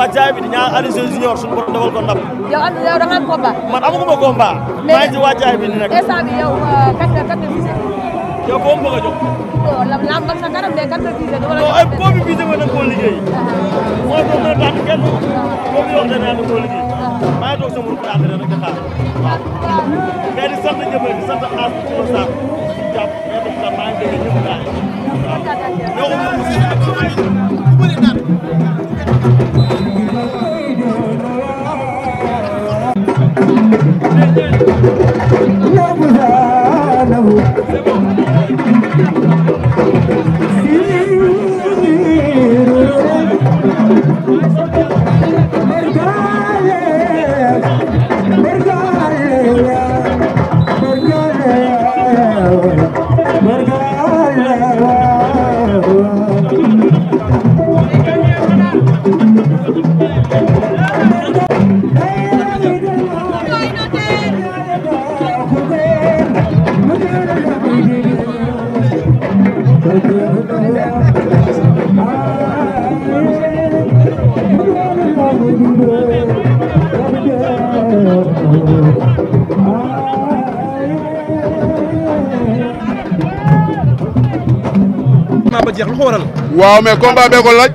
wàccaay bi di ñaan Alioune Sèye Junior suñu borom defal yow am yow da nga am combat. man amagu ma combat. maa ngi ci wàccaay bi di nekk. instant bi yow kat euh, kat yow boo ma bëgg a jox. woon la làmbal sa kanam mais kan nga visé. wala ay koo bi visé ma da nga koo liggéey. Ah. mooy boobu nag daanaka kenn koo bi wax dëgg yàlla da nga koo liggéey. maa ah. ngi toog sama ruq daal rek di xaar waaw. Ah. mais di sant jëmale di sant xaar bu ko saako di jàpp mais dafa maa ngi dégg ñëpp daal waaw. ñoo ko mën a ko ay ku bëri naan. Yeah, waral. waaw mais combat bee ko laaj.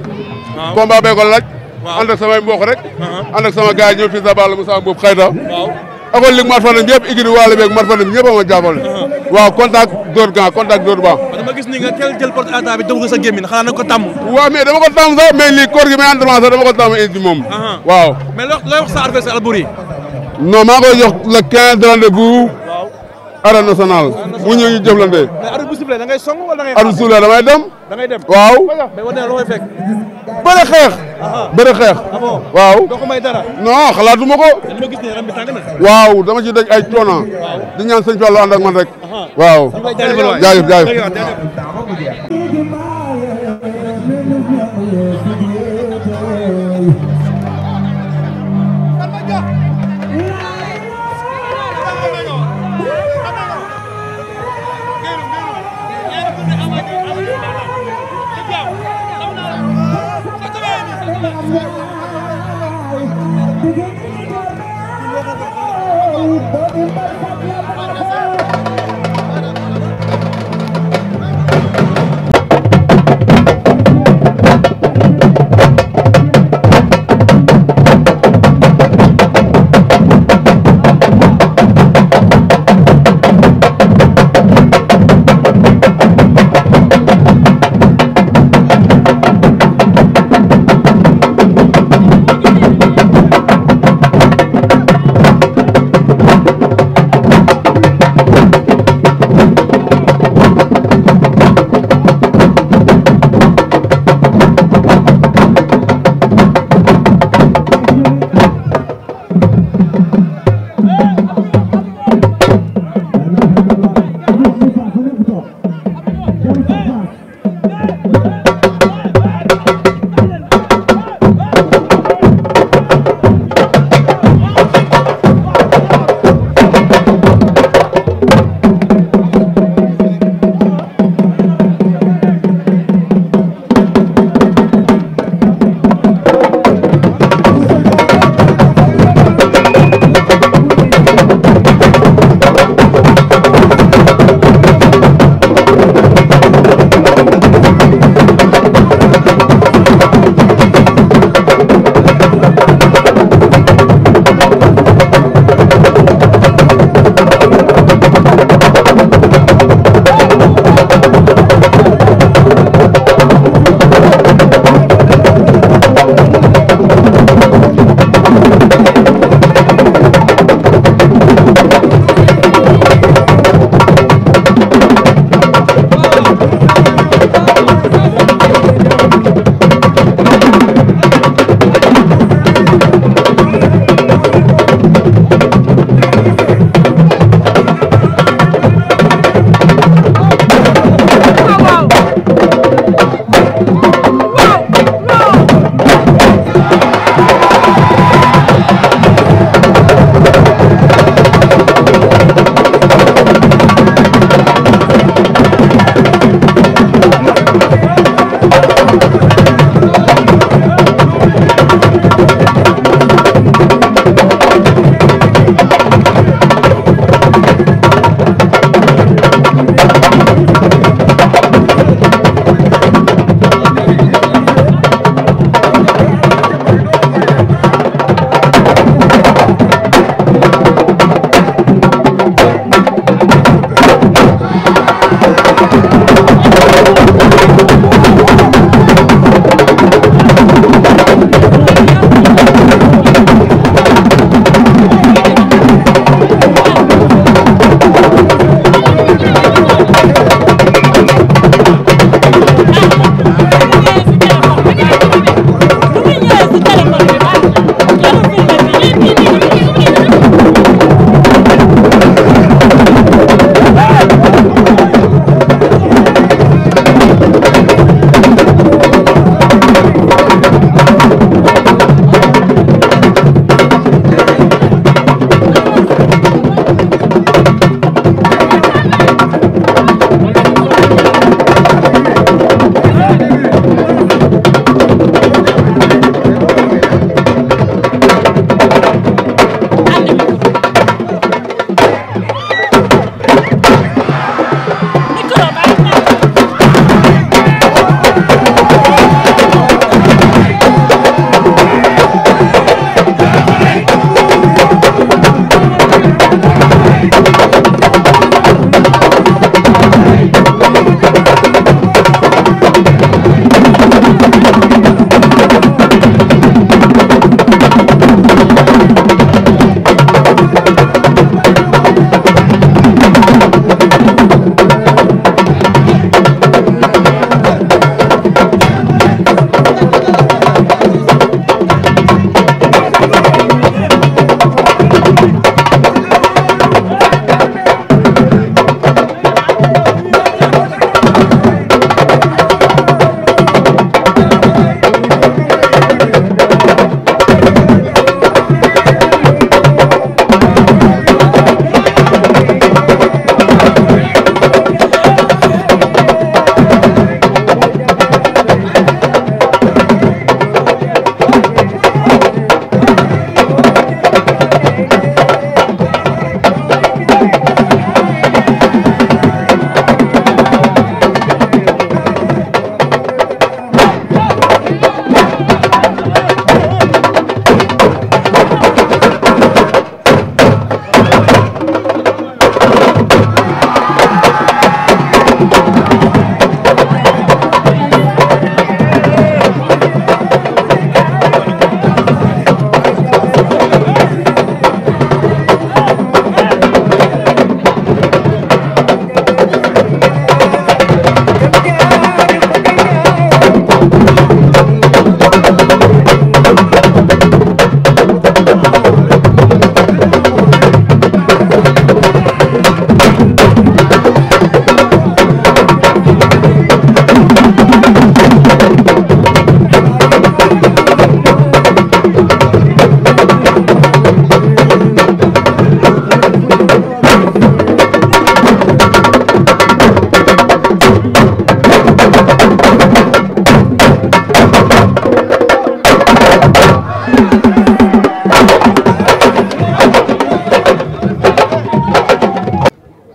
waaw combat bee ko laaj. waaw ànd ak samay mbokk rek. Uh-huh. ànd ak sama gars yi ñëw fii sa bàll Moussa Mboup xayta. waaw école Ligue Mat Fadam yëpp igri waale beeg Mat Fadam ñëpp a ma jàppale. Uh-huh. waaw contact dóor gan contact dóor baax. waaw dama gis ni nga teel jël porte attaque bi dugg ko sa gémmiñ xanaa na ko tàmm. waaw mais dama ko tàmm sax mais lii koor gi may entraînement sax dama ko tàmm indi moom. Uh-huh. waaw mais looy wax sa adversaire Albouri. non maa koy jox le 15 arène nationale bu ñëw ñu jëflante. mais arbitre bu sifflé da ngay song wala da ngay. arbitre sifflé damay dem. da ngay dem waaw. mais xeex. Ah, ah. bëri xeex. Ah waaw. non xalaatu ma ko. dama gis ne yaram bi tàng na. waaw dama ci daj ay coono. di ñaan sëñ Fallou ànd ak rek. waaw. jaajëf jaajëf.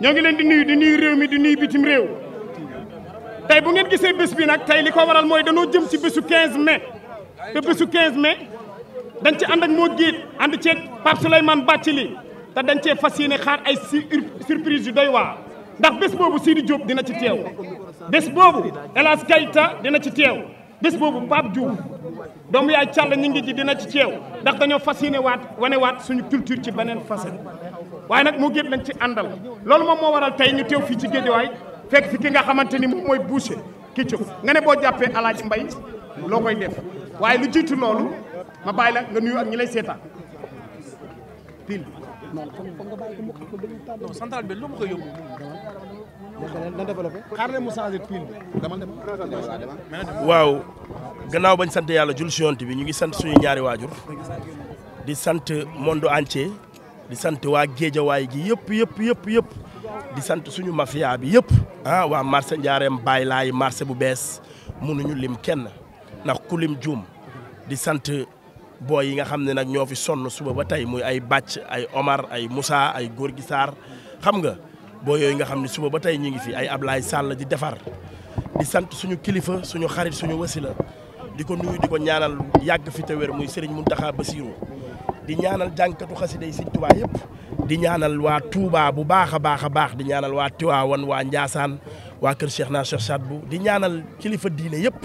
ñoo ngi leen di nuyu di nuyu réew mi di nuyu bitim réew tey bu ngeen gisee bés bi nag tey li ko waral mooy danoo jëm ci bésu 15 mai te bésu 15 mai dañ ci ànd ak moo géet ànd ceeg Pape Souleymane Bathily te dañ cee fas yéene xaar ay surprise yu doy waa ndax bés boobu Sidi Diop dina ci teew bés boobu El Hadj dina ci teew bés boobu Pape Diouf doomu yaay càll ñi ngi ji dina ci teew ndax dañoo fas yéene waat wane waat suñu culture ci beneen façon waaye nag moo géet lañ ci àndal loolu moom moo waral tey ñu teew fii ci Géejawaay fekk fi ki nga xamante ni moom mooy Boucher Ketchup nga ne boo jàppee Alaaji Mbay loo koy def waaye lu jiitu loolu ma bàyyi la nga nuyu ak ñi lay seetaan pile non central bi lu ma koy yóbbu. waaw gannaaw bañ sant yàlla jul si yonent bi ñu ngi sant suñu ñaari waajur di sant monde entier di sant waa géejawaay gi yëpp yëpp yëpp yëpp di sant suñu mafia bi yëpp ah waa marché njaareem baay laay marché bu bees mun mënuñu lim kenn ndax ku lim juum di sant booy yi nga xam ne nag ñoo fi sonn suba ba tey muy ay bàcc ay Omar ay Moussa ay Gorgui Sarr xam nga booy yooyu nga xam ne suba ba tey ñu ngi fi ay Ablaye Sall di defar di sant suñu kilifa suñu xarit suñu wasila di ko nuyu di ko ñaanal yàgg fi te weer muy Serigne Mountakha Bassirou di ñaanal jànkatu xasida yi si Tuubaa yëpp di ñaanal waa Touba bu baax a baax a baax di ñaanal waa Tiwaawan waa Njaasaan waa kër Cheikh naa Cheikh Saad bu di ñaanal kilifa diine yëpp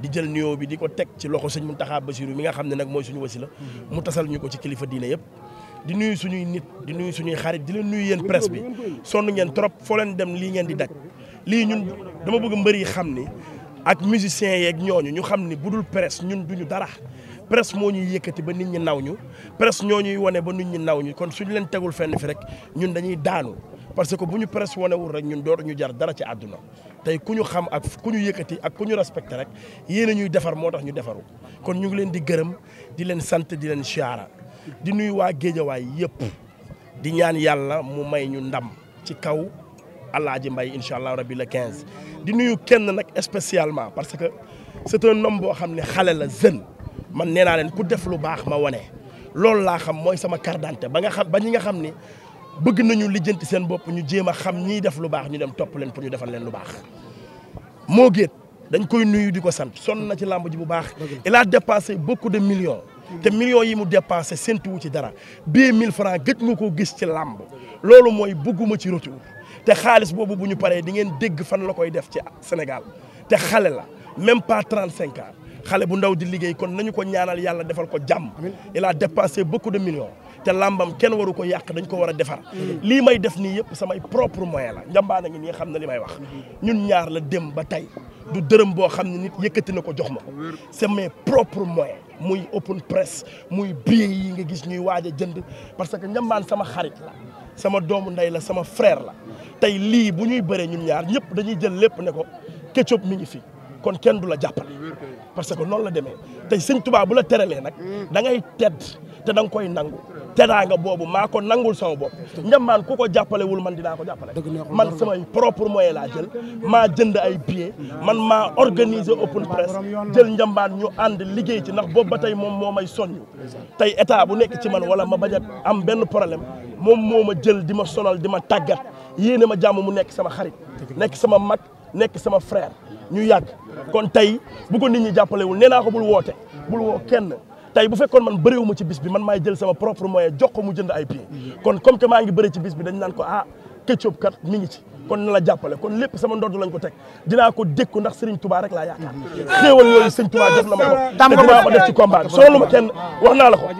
di jël nuyoo bi di ko teg ci loxo sëñ Muntaxa Basiru mi nga xam ne nag mooy suñu wasila mu tasal ñu ko ci kilifa diine yëpp di nuyu suñuy nit di nuyu suñuy xarit di leen nuyu yéen presse bi sonn ngeen trop dem lii ngeen di daj lii ñun dama bëgg mbër yi xam ni ak musiciens yeeg ñooñu ñu xam ni bu dul presse ñun duñu dara presse moo ñu yëkkati ba nit ñi naw ñu presse ñoo ñuy wane ba nit ñi naw ñu kon suñu leen tegul fenn fi rek ñun dañuy daanu parce que bu ñu presse wanewul rek ñun dootuñu jar dara ci àdduna tey ku ñu xam ak ku ñu yëkkati ak ku ñu respecté rek yéen a ñuy defar moo tax ñu defaru kon ñu ngi leen di gërëm di leen sant di leen siyaara di nuyu waa géejawaay yëpp di ñaan yàlla mu may ñu ndam ci kaw Alaaji Mbay incha allah rabi le quinze di nuyu kenn nag spécialement parce que c'est un homme boo xam ne xale la jeune man nee naa leen ku def lu baax ma wane loolu laa xam mooy sama carte d'identité ba nga xam ba ñi nga xam ni bëgg nañu lijjanti seen bopp ñu jéem a xam ñiy def lu baax ñu dem topp leen pour ñu defal leen lu baax moo géet dañ koy nuyu di ko sant sonn na ci làmb ji bu baax il a dépensé beaucoup de million te millions yi mu dépensé séntuwu ci dara bii mille francs gëj nga koo gis ci làmb loolu mooy bëgguma ci retour te xaalis boobu bu ñu paree di ngeen dégg fan la koy def ci Sénégal te xale la même pas cinq xale bu ndaw di liggéey kon nañu ko ñaanal yàlla defal ko jàmm il a dépensé beaucoup de millions te làmbam kenn waru ko yàq dañ ko war a defar lii may def nii yëpp samay propre moyen la njambaa na ngi nii xam na li may wax ñun ñaar la dem ba tey du dërëm boo xam ne nit yëkkati na ko jox ma c'est mes propres moyens muy open press muy billet yi nga gis ñuy waaj a jënd parce que njambaan sama xarit la sama doomu ndey la sama frère la tey lii bu ñuy bëree ñun ñaar ñëpp dañuy jël lépp ne ko Ketchup mi du la jàppale parce que noonu la demee tey sëñ Tuubaa bu la teralee nag dangay ngay tedd te da nga koy nangu teraanga boobu maa ko nangul sama bopp njambaan ku ko jàppalewul man di naa ko jàppale man samay propre moyen laa jël maa jënd ay billets man maa organiser open press jël njambaan ñu ànd liggéey ci ndax boobu ba tey moom moo may soññ tey état bu nekk ci man wala ma bañ am benn problème moom moo ma jël di ma sonal di ma tàggat yéene ma jàmm mu nekk sama xarit nekk sama mag nekk sama frère ñu yàgg kon tey bu ko nit ñi jàppalewul nee naa ko bul woote bul woo kenn tey bu fekkoon man bëriwu ma ci bis bi man maay jël sama propre moyen jox ko mu jënd ay pieds kon comme que maa ngi bëri ci bis bi dañ naan ko ah Ketchup kat mi ngi ci kon na la jàppale kon lépp sama ndodd lañ ko teg dinaa ko dékku ndax Serigne tubaarek rek laa yaakaar xéewal yooyu Serigne Touba jox na ma ko te dinaa ko def ci combat bi sonalu ma kenn wax naa la ko wax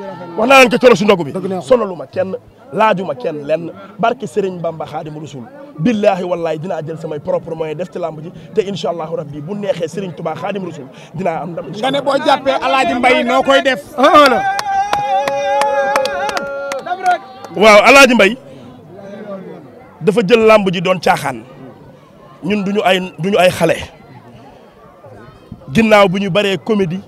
naa leen ko coro si ndogu bi sonalu ma kenn laajuma kenn lenn barke Serigne Bamba Xaadimu Rasul billahi wallahi dinaa jël samay propre moyen def ci làmb ji te incha allahu rabbi bu neexee Serigne Touba Xaadimu Rasul dinaa am dama nga ne boo jàppee Alaaji Mbay noo koy def ah, waaw Alaaji Mbay dafa jël làmb ji doon caaxaan ñun duñu ay duñu ay xale ginnaaw bu ñu bëree comédie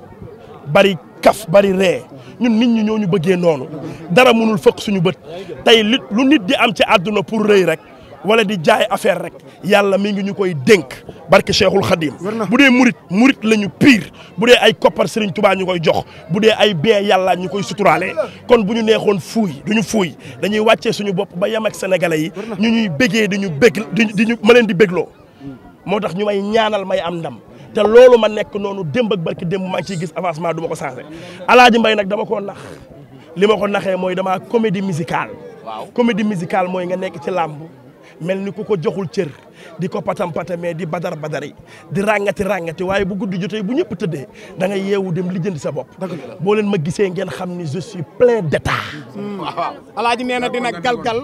bari kaf bari ree ñun nit ñi ñoo ñu bëggee noonu dara mënul fëkk suñu bët tey li lu nit di am ci àdduna pour rëy rek wala di jaay affaire rek yàlla mi ngi ñu koy dénk barke Cheikhul Khadim bu dee murit murit la ñu pire bu dee ay koppar Serigne Touba ñu koy jox bu dee ay bee yàlla ñu koy suturaale kon bu ñu neexoon fuuy du ñu fuuy dañuy wàccee suñu bopp ba yem ak sénégalais yi ñu ñuy bëggee di ñu bég di ñu ma leen di bégloo moo tax ñu may ñaanal may am ndam te loolu ma nekk noonu démb ak barki démb maa ngi ciy gis avancement du ma ko changé alaaji mbay nag dama koo nax li ma ko naxee mooy damaa comédie musicale comédie musicale mooy nga nekk ci làmb mel ni ku ko joxul cër di ko patam patamee di badar badari di ràngati ràngati waaye bu guddi jotee bu ñëpp tëddee da yeewu dem lijjanti sa bopp. boo leen ma gisee ngeen xam ni je suis plein d'état. Hmm. waaw alaaji nee na dina galgal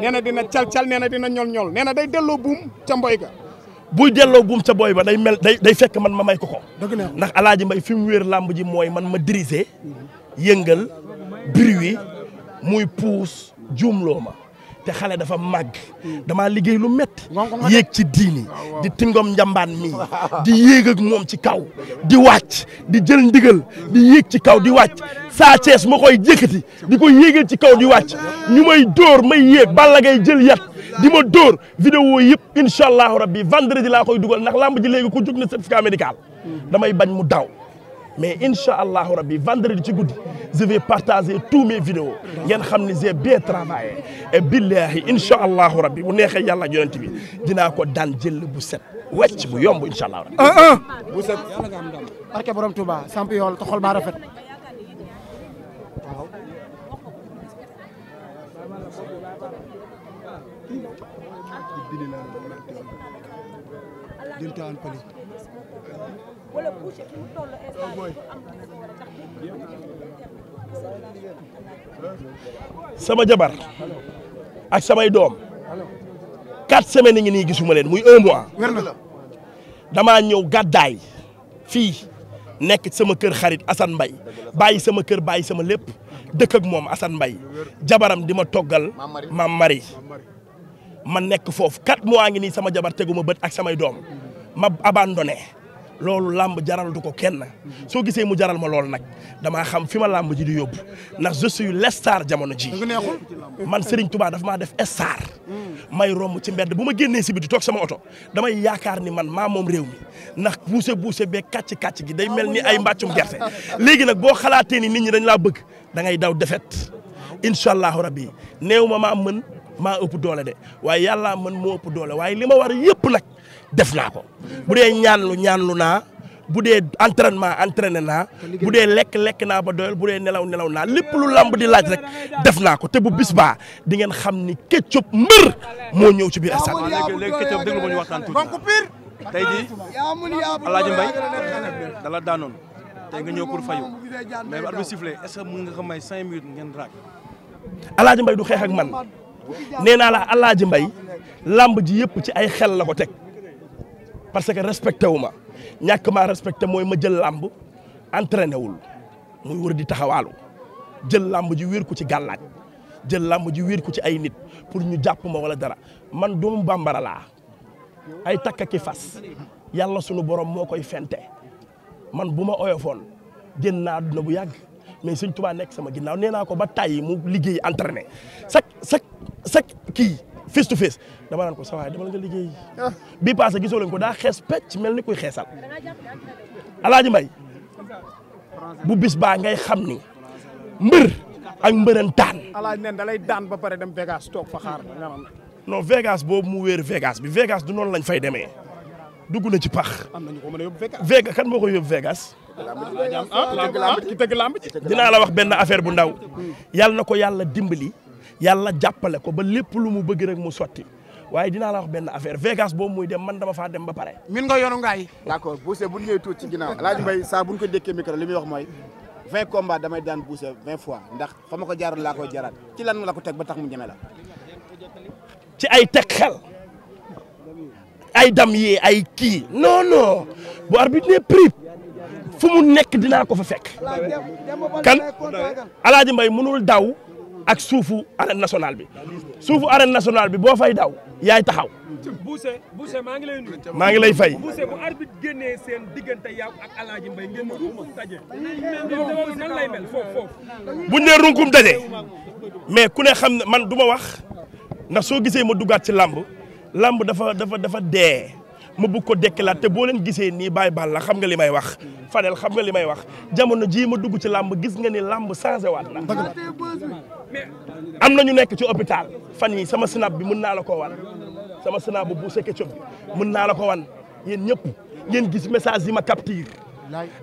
nee na dina calcal nee na dina ñol-ñol nee na day delloo buum ca mboy ga. buy delloo buum ca booy ba day mel day day fekk man ma may ko ko. ndax alaaji mbay fi mu wéer làmb ji mooy man ma diriger yëngal bruit muy puus juumloo ma. te xale dafa màgg damaa liggéey lu métti yéeg ci diini ah, di tingom njambaan mii di yéeg ak moom ci kaw di wàcc di jël ndigal di yéeg ci kaw di wàcc saa Cees ma koy jëkkati di ko yéegal ci kaw di wàcc ñu may dóor may yéeg balla ngay jël yat di ma dóor vidéo yëpp incha allahu rabbi vendredi laa koy dugal ndax lamb ji léegi ku jug na certificat médical damay bañ mu daw mais incha allahu rabbi vendredi ci guddi je vais partager tous mes vidéos ngeen xam ne j'ai bien travaillé et billahi rabbi bu neexee yàlla ak yonent bi dinaa ko dan jël bu set wecc bu yomb incha allahu rabbi ah, ah. bu barke borom Touba samp yool te xol rafet wala sama jabar ak samay doom quatre semaines ngi nii gisuma leen muy un mois damaa ñëw gàddaay fii nekk sama kër xarit Assane Mbaye bàyyi sama kër bàyyi sama lépp dëkk moom Assane Mbaye jabaram di ma toggal Mame Marie man nekk foofu quatre mois ngi nii sama jabar ma bët ak samay doom ma abandonné loolu làmb jaralatu ko kenn soo gisee mu jaral ma loolu nag damaa xam fi ma làmb ji di yóbbu ndax je suis l'estar jamono ji man Serigne Touba dafa maa def estar may romb ci mbedd bu ma génnee si biti toog sama oto damay yaakaar ni man maa moom réew mi ndax buuse buuse bee kàcc kàcc gi day mel ni ay mbàccum gerte léegi nag boo xalaatee ni nit ñi dañ laa bëgg da daw defet incha allahu rabbi néew ma maa mën maa ëpp doole de waaye yàllaa mën moo ëpp doole waaye li ma war yëpp nag def naa ko bu dee ñaan ñaanlu ñaanlu naa bu dee entraînement entraîné naa bu dee lekk lekk naa ba doyal bu dee nelaw nelaw naa lépp lu làmb di laaj rek def naa ko te bu bis baa di ngeen xam ni Ketchup mbër moo ñëw ci biir stade. waaw léegi léegi Ketchup déglu ma ñu waxtaan tuuti tey jii Alaaji Mbaye dala daanoon tey nga ñëw pour fayu mais bu arbitre sifflé nga ko may cinq minutes ngeen raak. Alaaji du xeex ak man nee naa la Alaaji mbay làmb ji yëpp ci ay xel la ko teg. parce que respecté wu ma ñàkk maa respecté mooy ma jël làmb entraîné wul muy wër di taxawaalu jël làmb ji wéer ko ci gàllaaj jël làmb ji wéer ko ci ay nit pour ñu jàpp ma wala dara man doomu bambara laa ay takk ki fas yàlla sunu borom moo koy fente man bu ma oyofoon génn naa na bu yàgg mais Sëñ Tuubaa nekk sama ginnaaw nee naa ko ba tàyyi mu liggéey entraîné sa chaque chaque kii. face to face dama naan ko sa waay dama la nga liggéey ah. bii passé gisoo leen ko daa xees pecc mel ni kuy xeesal alaaji mbay bu bis baa ngay xam ni mbër ak mbëran daan alaaji nen da lay daan ba pare dem Vegas toog fa xaar non Vegas boobu mu weer Vegas bi Vegas du noonu lañ fay demee dugg na ci pax. am na ñu ko mën a yóbbu Vegas. kan moo koy yóbbu Vegas. dinaa la wax benn affaire bu ndaw. yàlla na ko yàlla dimbali. yàlla jàppale ko ba lépp lu mu bëgg rek mu sotti waaye dinaa la wax benn affaire Vegas boobu muy dem man dama faa dem ba pare. min nga yoonu ngaay. d'accord Bousse bu ñu ñëwee tuuti ci ginnaaw El Hadj Mbaye saa bu ñu ko dékkee micro li muy mooy vingt combats damay daan Bousse vingt fois ndax fa ma ko jaaroon laa koy jaaraat ci lan la ko teg ba tax mu ñeme la. ci ay teg xel ay dam yee ay kii non non bu arbitre ne prip fu mu nekk dinaa ko fa fekk. kan El Hadj mënul daw. ak suufu arène nationale bi suufu arène nationale bi boo fay daw yaay taxaw. Bousse Bousse maa ngi lay maa ngi lay fay. Bousse bu arbitre génnee seen diggante yow ak Alaaji Mbay ngeen runkum daje. nan nee runkum daje mais ku ne xam ne man du ma wax ndax soo gisee ma duggaat ci làmb lamb dafa dafa dafa dee. ma bëgg ko dekkilaat te boo leen gisee nii Baye Balla xam nga li may wax Fadel xam nga li may wax jamono jii ma dugg ci làmb gis nga ni làmb changé waat na am na ñu nekk ci hôpital fan yi sama snap bi mën naa la ko wan sama snap bu bu seketiob bi mën naa la ko wan yéen ñëpp ngeen gis message yi ma capture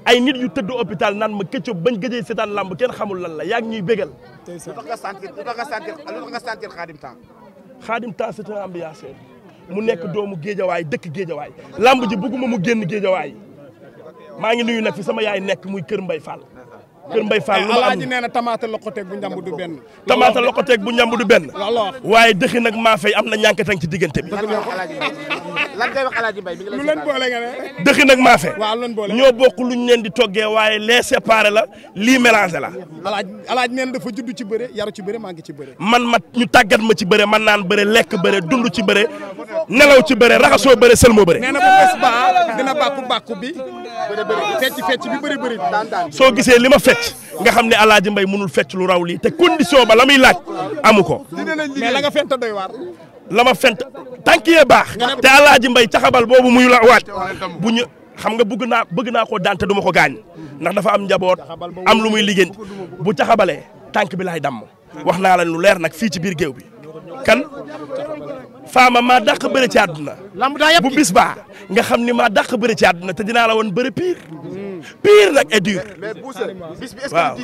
ay nit yu tëdd hôpital nan ma Ketchup bañ gëjee seetaan lamb kenn xamul lan la yaa ngi ñuy bégal. lu tax nga sentir lu tax nga mu nekk doomu géejawaay dëkk géejawaay lamb ji bëgguma mu génn géejawaay maa ngi nuyu nekk fi sama yaay nekk muy Kër Mbay Fall. kër Mbaye Fall lu ma am nee na tamaate loqoteeg bu njàmb du benn tamaate loqoteeg bu njàmb du benn waaye dëxi nag maa fay am na ñànkatang ci diggante bi lu leen boole nga ne dëxi nag ñoo bokk luñ leen toggee waaye les séparé la lii mélangé la alaaj alaaj neen dafa judd ci bëre yaru ci bëre maa ngi ci bëre man ma ñu tàggat ma ci bëre man naan bëre lekk bëre dund ci bëre nelaw ci bëre raxasoo bëre sëlmoo bëre nee na bu bés ba dina bàkku bàkku bi fecc fecc bi bëri bëri soo gisee li ma fekk fecc nga xam ne Alaaji Mbay mënul fecc lu raw lii te condition ba la muy laaj amu ko. mais la nga fent doy waar. la ma fent tànk yee baax. te Alaaji Mbay caxabal boobu muy la waaj bu ñu xam nga bëgg naa bëgg naa koo daan te du ma ko gaañ ndax dafa am njaboot am lu muy liggéey bu caxabalee tànk bi laay damm. wax naa la lu leer nag fii ci biir géew bi kan faama maa dàq bëre ci àdduna bu bis baa nga xam ni maa dàq bëre ci àdduna te dinaa la woon bëre pire nag et dur. mais Bousse bis waaw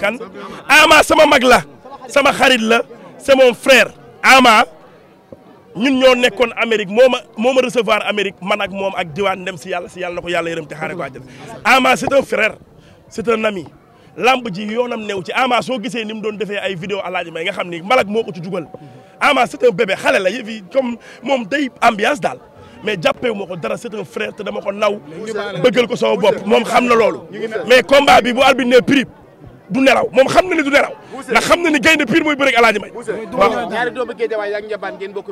kan Ama sama mag la sama xarit la c'est mon frère Ama ñun ñoo nekkoon Amérique moo a moo ma recevoir Amérique man ak moom ak jiwaan dem si yàlla si yàlla na ko yàlla yërëm te xaare ko àjjana Ama c'est un frère c'est un ami lamb ji yoonam new ci Ama soo gisee ni mu doon defee ay vidéo alaaji may nga xam ni malak moo ko ci Ama c'est un bébé xale la yëf yi comme moom day ambiance daal mais jàppee wu ma ko dara c'est un frère te dama ko naw bëggal ko sama bopp moom xam na loolu mais combat bi bu albine ne prib du nelaw moom xam na ni du nelaw ndax xam na ni gaynde pire mooy bëre ak Alaaji May waaw ñaari doomu Géejawaay ak njambaan ngeen bokk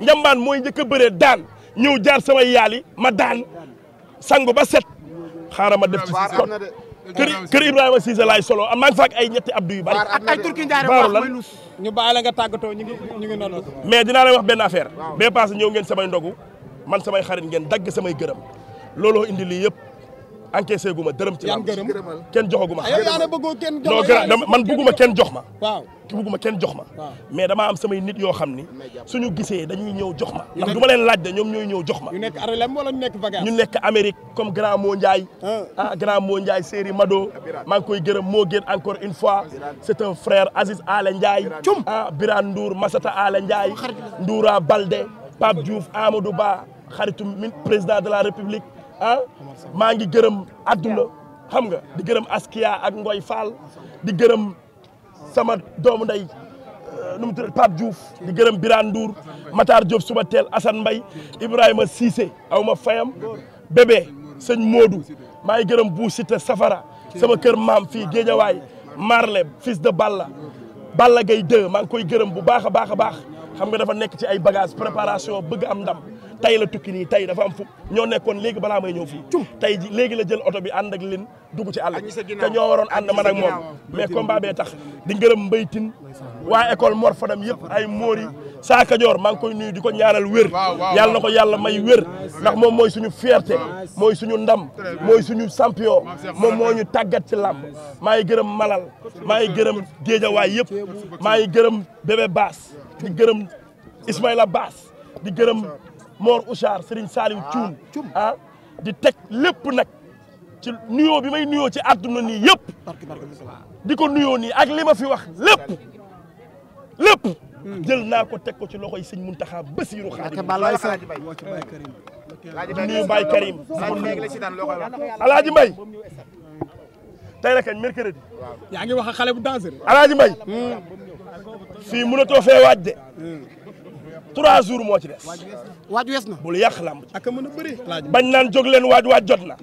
njambaan mooy njëkk a bëree daan ñëw jaar sama yaali ma daan sangu ba set xaaral ma def ci kon kër kër Ibrahima Cissé solo am maa ngi faak ay ñetti abdou yu ay turki njaare wax may lus ñu baale la nga tàggatoo ñu ngi ñu mais dinaa lay wax benn affaire bee passé ñëw ngeen samay ndogu man samay xarit geen dagg samay gërëm looloo indi lii yëpp encaissé gu ma dërëm ci làmb kenn joxagu ma ah, non gara man bugguma kenn jox ma waaw ki bugguma kenn jox ma mais damaa am samay nit yoo xam ni suñu gisee dañuy ñëw jox ma ndax du ma leen laaj de ñoom ñooy ñëw jox ma ñu nekk arlem wala ñu nekk ñu nekk Amérique comme grand moo Ndiaye ah, ah grand moo Ndiaye Séri Mado maa ngi koy gërëm moo gën encore une fois c'est un frère Aziz Ala Ndiaye ah Birane Ndour Massata Ala Ndiaye Ndoura Balde Pape Diouf Amadou Ba xaritu président de la République a ah, maa ngi gërëm àdduna xam nga di gërëm askiya ak Ngoy Fall di gërëm sama doomu ndey euh, nu mu tudd di gërëm Birane Ndour Matar Diop suba teel Assane Mbaye Ibrahima Cissé aw ma fayam bébé sëñ Modou maa ngi gërëm Bou Cité Safara sama kër maam fi Géejawaay Marle fis de Balla Balla Gaye 2 maa ngi koy gërëm bu baax a baax a baax xam nga dafa nekk ci ay bagage préparation bëgg am ndam tey la tukki nii tey dafa am fu ñoo nekkoon léegi balaa may ñëw fii tey ji léegi la jël oto bi ànd ak lin dugg ci àll te ñoo waroon ànd man ak moom mais combat bee tax di ngërëm mbaytin waa école Mor Fadam yëpp ay Mori saa Kajoor maa ngi koy di ko ñaanal wér yàlla na ko yàlla may wér ndax moom mooy suñu fierté mooy suñu ndam mooy suñu champion moom moo ñu tàggat ci làmb maa ngi gërëm Malal maa ngi gërëm Géejawaay yëpp maa ngi gërëm Bébé Baas di gërëm Ismaïla Baas di gërëm Mor Ouchar Serigne Saliou ah, Thioune ah, di teg lépp nag ci nuyoo bi may nuyoo ci àdduna nii yëpp di ko nuyoo nii ak li ma fi wax lépp lépp hmm. jël naa ko teg ko ci loxoy sëñ Muntaxa Basiiru Xaadim di nuyu Baye Karim Alaaji Mbay tey la kañ mercredi yaa ngi wax fii mënatoo fee waaj de trois jours moo ci des. waaj wees na bul yàq làmb ak mën a bëri bañ naan jóg leen waaj waaj jot na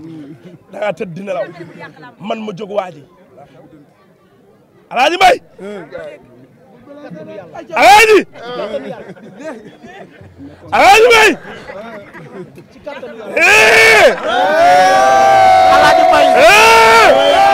da ngaa tëdd dina law man ma jog waaji alaaji mbay alaaji alaaji mbay alaaji eh.